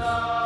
love.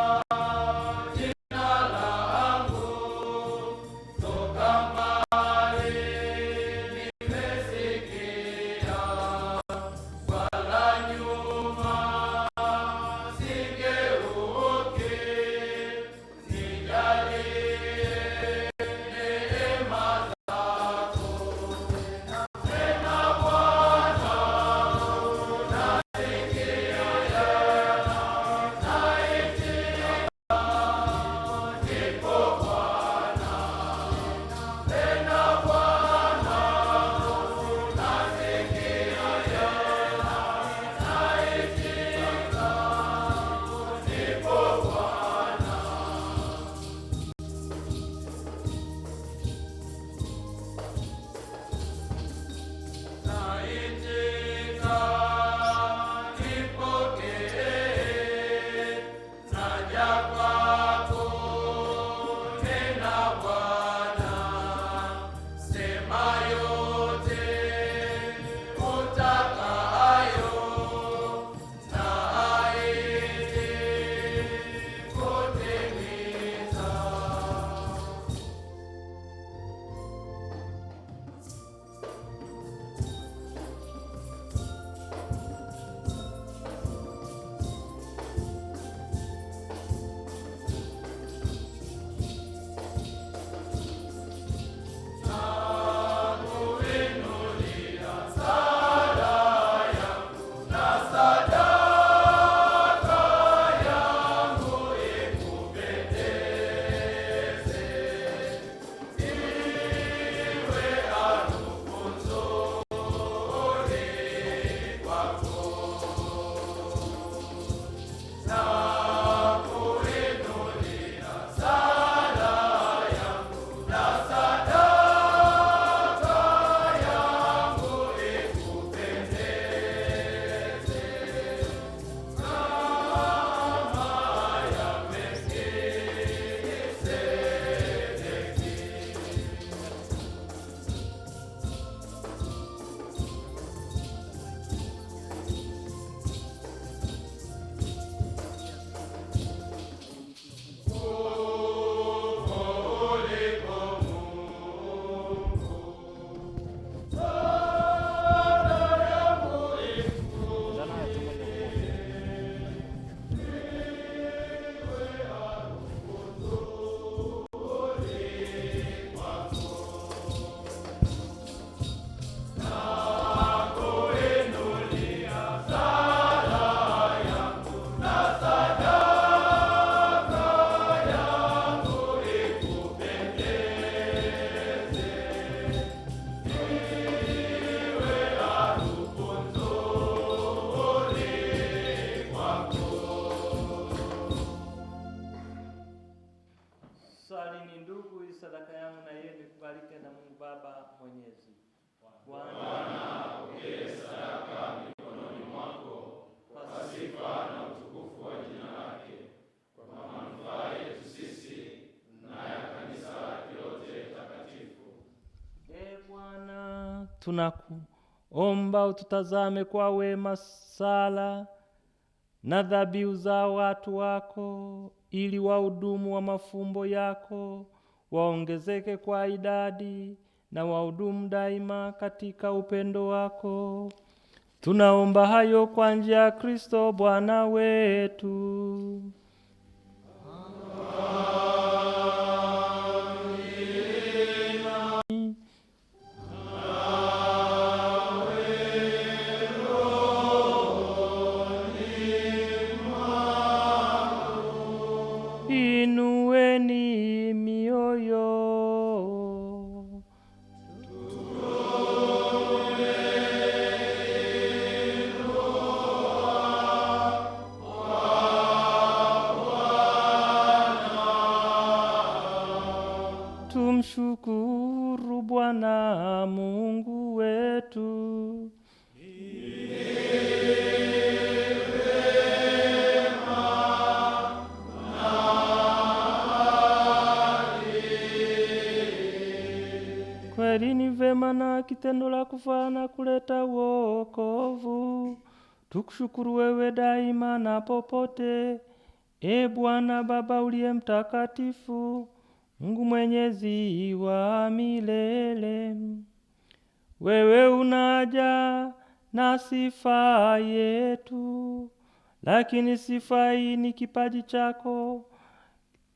tunakuomba ututazame kwa wema sala na dhabihu za watu wako, ili wahudumu wa mafumbo yako waongezeke kwa idadi na wahudumu daima katika upendo wako. Tunaomba hayo kwa njia ya Kristo Bwana wetu. Kweli ni vema na kitendo la kufa na kuleta wokovu. Tukushukuru wewe daima na popote, e Bwana Baba uliye mtakatifu, Mungu mwenyezi wa milele. Wewe unaja na sifa yetu, lakini sifa hii ni kipaji chako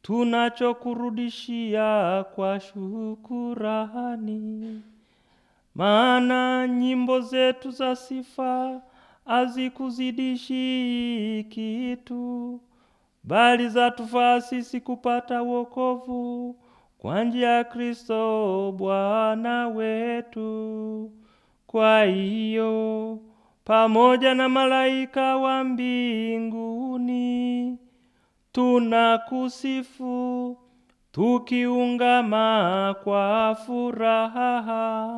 tunachokurudishia kwa shukurani, maana nyimbo zetu za sifa hazikuzidishi kitu, bali zatufaa sisi kupata wokovu kwa njia ya Kristo Bwana wetu. Kwa hiyo pamoja na malaika wa mbinguni tunakusifu tukiungama kwa furaha.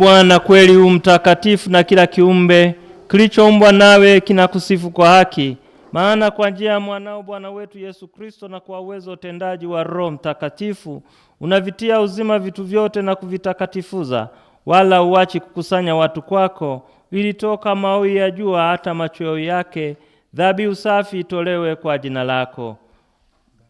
Bwana, kweli u mtakatifu, na kila kiumbe kilichoumbwa nawe kinakusifu kwa haki. Maana kwa njia ya mwanao Bwana wetu Yesu Kristo, na kwa uwezo utendaji wa Roho Mtakatifu, unavitia uzima vitu vyote na kuvitakatifuza, wala uachi kukusanya watu kwako, ili toka maui ya jua hata machweo yake dhabihu safi itolewe kwa jina lako.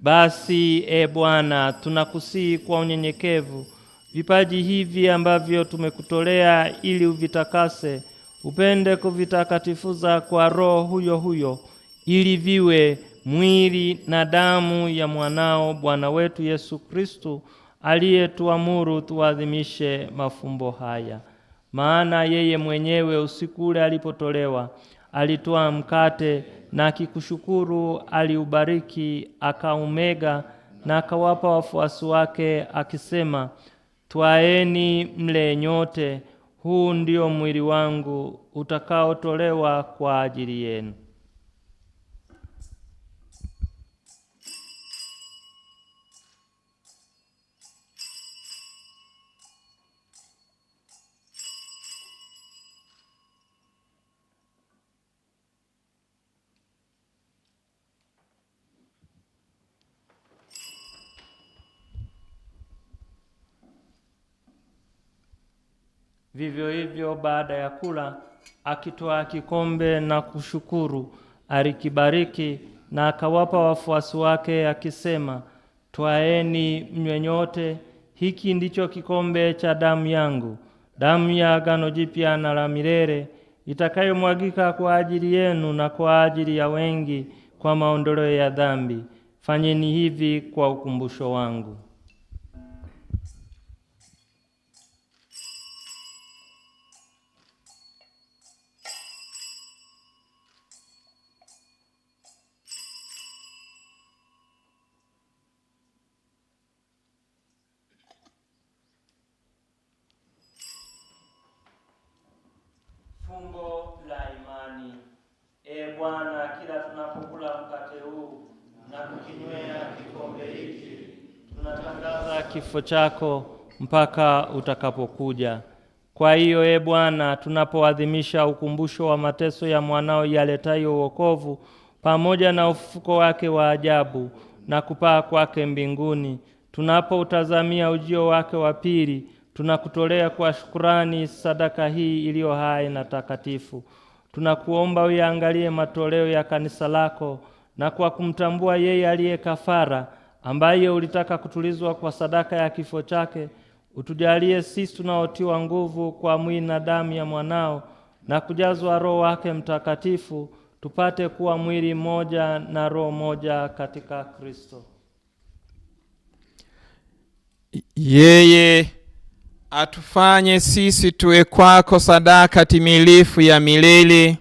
Basi e Bwana, tunakusihi kwa unyenyekevu vipaji hivi ambavyo tumekutolea ili uvitakase, upende kuvitakatifuza kwa Roho huyo huyo, ili viwe mwili na damu ya mwanao Bwana wetu Yesu Kristu, aliyetuamuru tuadhimishe mafumbo haya. Maana yeye mwenyewe usiku ule alipotolewa, alitoa mkate na akikushukuru, aliubariki, akaumega na akawapa wafuasi wake akisema Twaeni mle nyote, huu ndio mwili wangu utakaotolewa kwa ajili yenu. Vivyo hivyo baada ya kula akitoa kikombe na kushukuru, alikibariki na akawapa wafuasi wake akisema, twaeni mnywe nyote, hiki ndicho kikombe cha damu yangu, damu ya agano jipya na la milele, itakayomwagika kwa ajili yenu na kwa ajili ya wengi kwa maondoleo ya dhambi. Fanyeni hivi kwa ukumbusho wangu. kifo chako mpaka utakapokuja. Kwa hiyo, e Bwana, tunapoadhimisha ukumbusho wa mateso ya mwanao yaletayo wokovu pamoja na ufufuko wake wa ajabu na kupaa kwake mbinguni, tunapoutazamia ujio wake wa pili, tunakutolea kwa shukurani sadaka hii iliyo hai na takatifu. Tunakuomba uyaangalie matoleo ya kanisa lako na kwa kumtambua yeye aliye kafara ambaye ulitaka kutulizwa kwa sadaka ya kifo chake, utujalie sisi tunaotiwa nguvu kwa mwili na damu ya mwanao na kujazwa Roho wake Mtakatifu, tupate kuwa mwili mmoja na roho moja katika Kristo. Yeye atufanye sisi tuwe kwako sadaka timilifu ya milele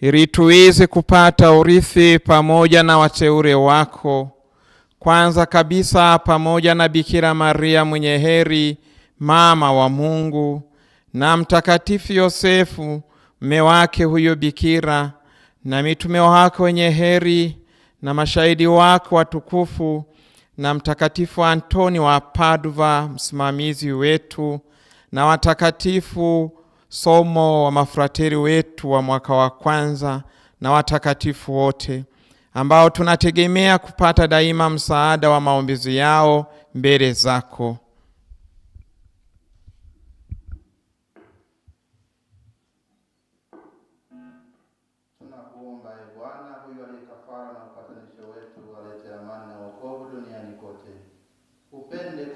ili tuweze kupata urithi pamoja na wateure wako kwanza kabisa pamoja na Bikira Maria mwenye heri mama wa Mungu na Mtakatifu Yosefu mme wake huyo bikira na mitume wake wenye heri na mashahidi wake watukufu na Mtakatifu Antoni wa Padua msimamizi wetu na watakatifu somo wa mafrateri wetu wa mwaka wa kwanza na watakatifu wote ambao tunategemea kupata daima msaada wa maombezi yao mbele zako. Tunakuomba ee na upatanisho wetu amani duniani kote. Upende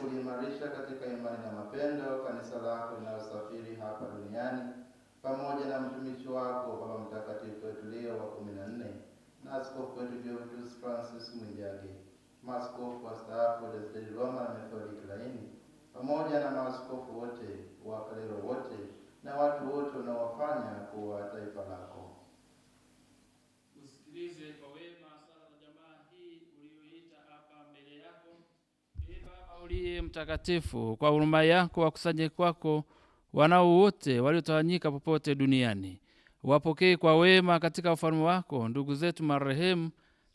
katika imani mapendo kanisa lako hapa duniani pamoja na mtumishi wako Baba Mtakatifu wetu Leo wa kumi na nne askofu wetu Jovitus Francis Mwijage, maaskofu wastaafu na Methodi Kilaini, pamoja na maaskofu wote, wakalelo wote na watu wote unaowafanya kuwa taifa lako. Usikilize kwa wema sala za jamaa hii uliyoita hapa mbele yako. Ee Baba uliye mtakatifu, kwa huruma yako wakusanye kwako wanao wote waliotawanyika popote duniani wapokee kwa wema katika ufalme wako ndugu zetu marehemu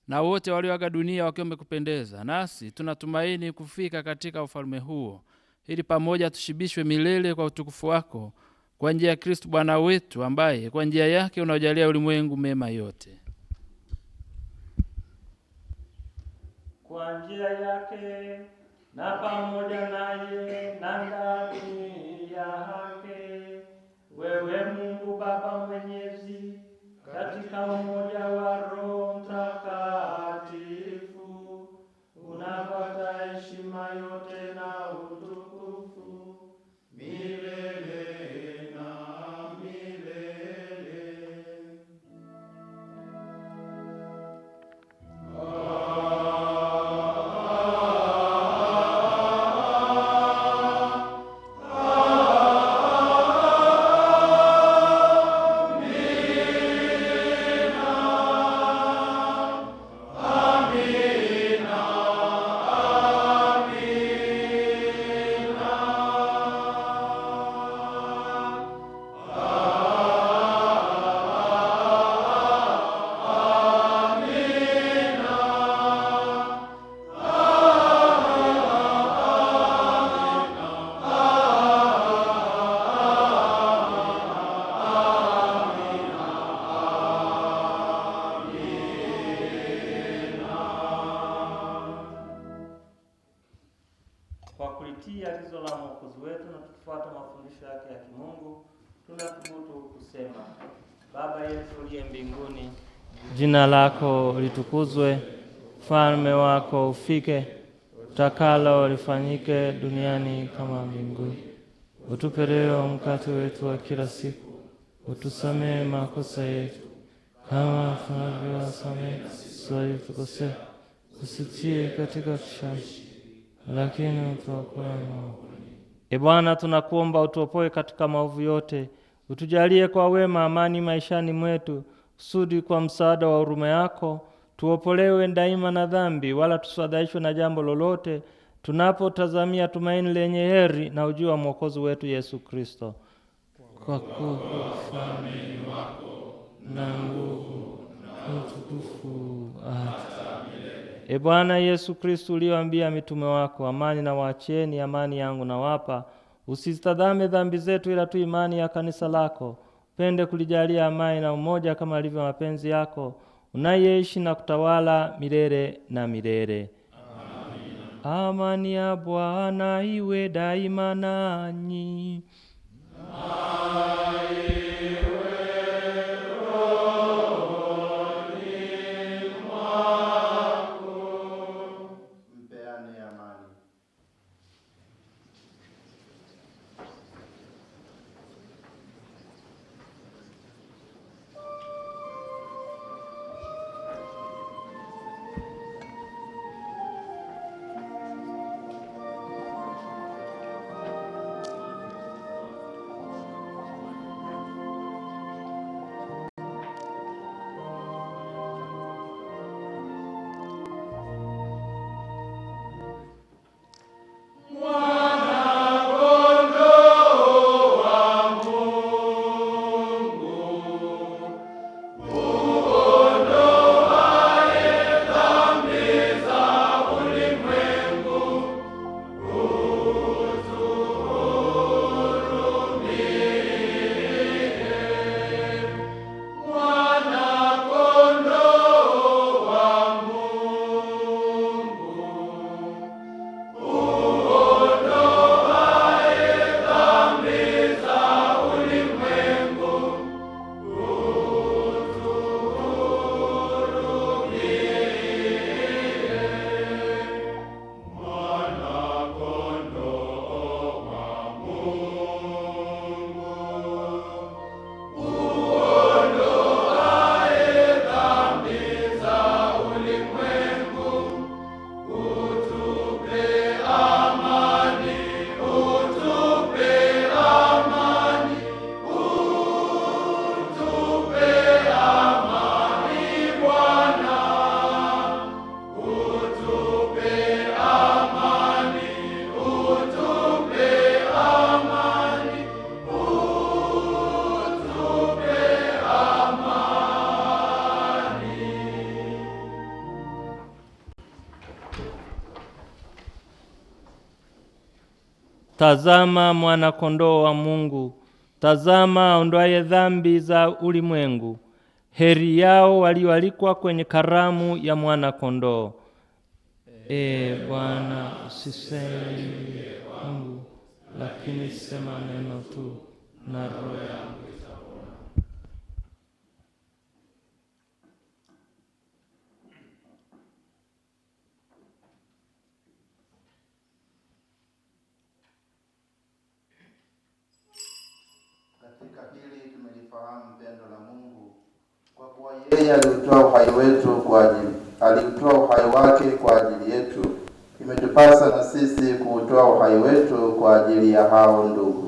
na wote walioaga dunia wakiwa wamekupendeza, nasi tunatumaini kufika katika ufalme huo, ili pamoja tushibishwe milele kwa utukufu wako, kwa njia ya kristu Bwana wetu, ambaye kwa njia yake unaojalia ulimwengu mema yote. Kwa njia yake na pamoja naye na ndani wewe Mungu Baba Mwenyezi, katika umoja wa Roho Mtakatifu unapata heshima yote na Jina lako litukuzwe, ufalme wako ufike, utakalo lifanyike duniani kama mbinguni. Utupe leo mkate wetu wa kila siku, utusamehe makosa yetu kama tunavyowasamehe sisi waliotukosea, usitie katika kishawishi, lakini utuokoe maovu. E Bwana, tunakuomba utuopoe katika maovu yote, utujalie kwa wema amani maishani mwetu kusudi kwa msaada wa huruma yako tuopolewe daima na dhambi, wala tusadhaishwe na jambo lolote, tunapotazamia tumaini lenye heri na ujio wa mwokozi wetu Yesu Kristo. Kwa kuwa ufalme wako na nguvu na utukufu hata milele. E Bwana Yesu Kristo, uliyoambia mitume wako, amani na waacheni, amani yangu nawapa, usitadhame dhambi zetu, ila tu imani ya kanisa lako pende kulijalia amani na umoja kama alivyo mapenzi yako, unayeishi na kutawala milele na milele. Amani ya Bwana iwe daima nanyi. Tazama mwana-kondoo wa Mungu, tazama aondoaye dhambi za ulimwengu. Heri yao walioalikwa kwenye karamu ya mwana-kondoo. E Bwana, usiseme Mungu, lakini sema neno tu na roho yangu Yeye alitoa uhai wetu kwa ajili, alitoa uhai wake kwa ajili yetu. Imetupasa na sisi kuutoa uhai wetu kwa ajili ya hao ndugu.